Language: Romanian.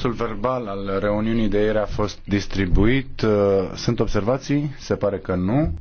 Procesul verbal al reuniunii de ieri a fost distribuit. Uh, sunt observații? Se pare că nu.